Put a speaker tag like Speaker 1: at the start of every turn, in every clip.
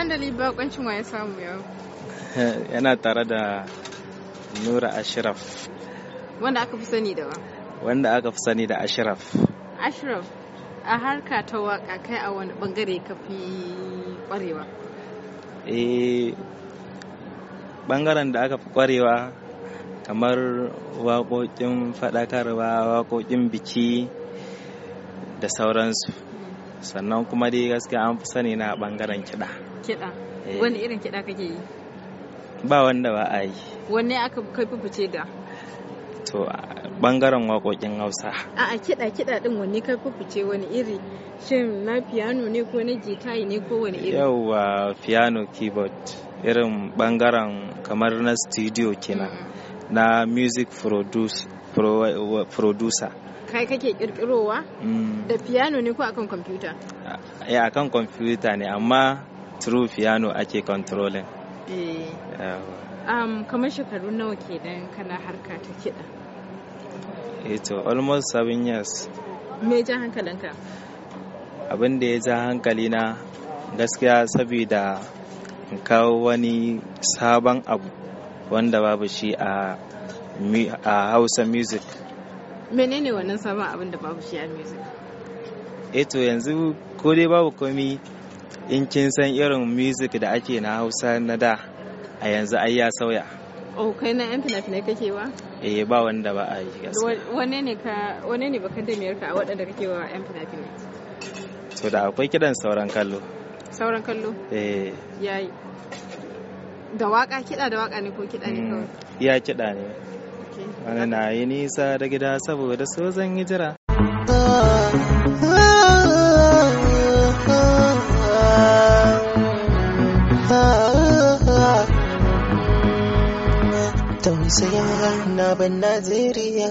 Speaker 1: Dandali bakoncin wa ya samu yau.
Speaker 2: Yana tare da Nura Ashraf.
Speaker 1: Wanda aka fi sani da wa?
Speaker 2: Wanda aka fi sani da Ashraf.
Speaker 1: Ashraf, a harka ta waka kai a wani bangare ka fi kwarewa?
Speaker 2: Eh, bangaren da aka fi kwarewa kamar waƙoƙin faɗakarwa, waƙoƙin biki da sauransu. Mm. Sannan kuma dai gaskiya an fi sani na bangaren kiɗa. kiɗa eh. wani
Speaker 1: irin kiɗa kake yi
Speaker 2: ba wanda ba a yi
Speaker 1: wanne aka kai fice da
Speaker 2: to bangaren waƙoƙin hausa
Speaker 1: a a kiɗa kiɗa din wanne kai fice wani iri shin na piano ne ko na gita ne ko wani iri
Speaker 2: yauwa piano keyboard irin bangaren kamar na studio kina mm. na music producer
Speaker 1: kai kake kirkirowa mm. da piano ne ko akan kwamfuta
Speaker 2: ya eh, akan kwamfuta ne amma through piano ake controlling
Speaker 1: eh um, kamar shekaru nawa ke dan kana harka ta kiɗa
Speaker 2: eh to almost seven years
Speaker 1: me ja hankalinka
Speaker 2: abin da ya ja hankali na gaskiya saboda ka kawo wani sabon abu wanda babu shi a hausa music
Speaker 1: menene wannan sabon abin da babu shi a music
Speaker 2: eh to yanzu ko dai babu komi in kin san irin music da ake na hausa na da a yanzu ai ya sauya
Speaker 1: oh kai na yan fina-finai kake wa
Speaker 2: eh ba wanda ba a yi gaskiya
Speaker 1: wane ne ka wane ne bakan da miyarka a waɗanda kake wa yan fina-finai
Speaker 2: to da akwai kidan sauran kallo
Speaker 1: sauran kallo eh yayi da waka kiɗa da waka ne ko kiɗa ne mm. kawai
Speaker 2: ya kiɗa ne wani na yi nisa da gida saboda so zan yi jira ah, ah. tausaya na ban Najeriya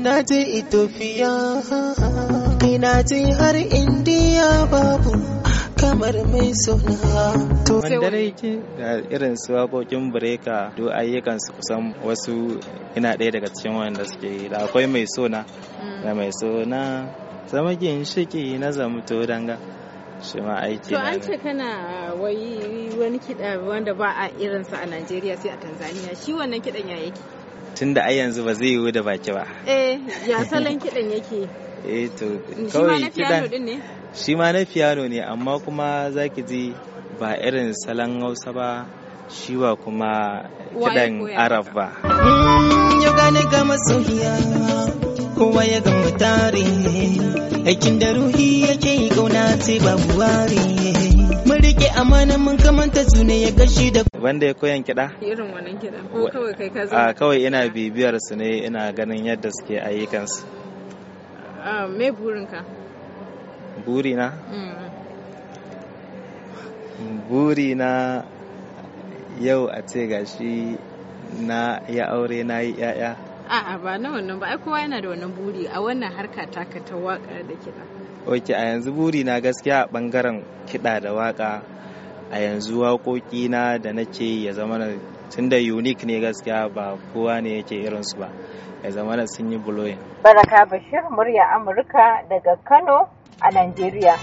Speaker 2: na je Ethiopia kai na je har Indiya babu kamar mai suna. To da irin su waƙoƙin breka do ayyukan su kusan wasu ina ɗaya daga cikin wanda suke da akwai mai sona da mai sona ginshiki na zamto danga shi ma aiki to an ce
Speaker 1: kana wai wani kiɗa wanda ba a irinsa a Najeriya sai a Tanzania shi wannan kiɗan ya yake
Speaker 2: tun da ai yanzu ba zai yiwu da baki ba
Speaker 1: eh ya salon kiɗan yake
Speaker 2: eh to kawai kiɗan shi ma na piano ne amma kuma zaki ji ba irin salon Hausa ba shi ba kuma kiɗan Arab ba yau gane ga masoyiya kowa ya ga mutare aikin da ruhi yake yi gauna sai babu ware mun rike amana mun kamanta su ne ya gashi da wanda ya koyan kiɗa irin wannan kiɗa ko kawai kai ka zama kawai ina bibiyar su ne ina ganin yadda suke ayyukan
Speaker 1: a me burin ka?
Speaker 2: Buri na? Mm. Buri na yau a ce gashi na ya aure na yi 'ya'ya
Speaker 1: A'a ba na wannan ba, ai kowa yana da wannan buri a wannan harka taka ta waka da kiɗa.
Speaker 2: Ok, a yanzu buri na gaskiya a bangaren kiɗa da waka a yanzu waƙoƙi na da nake ya zama na tun da unique ne gaskiya ba kowa ne yake su ba ya zama na sun yi buloyin.
Speaker 1: Baraka Bashir, murya Amurka daga Kano a Najeriya.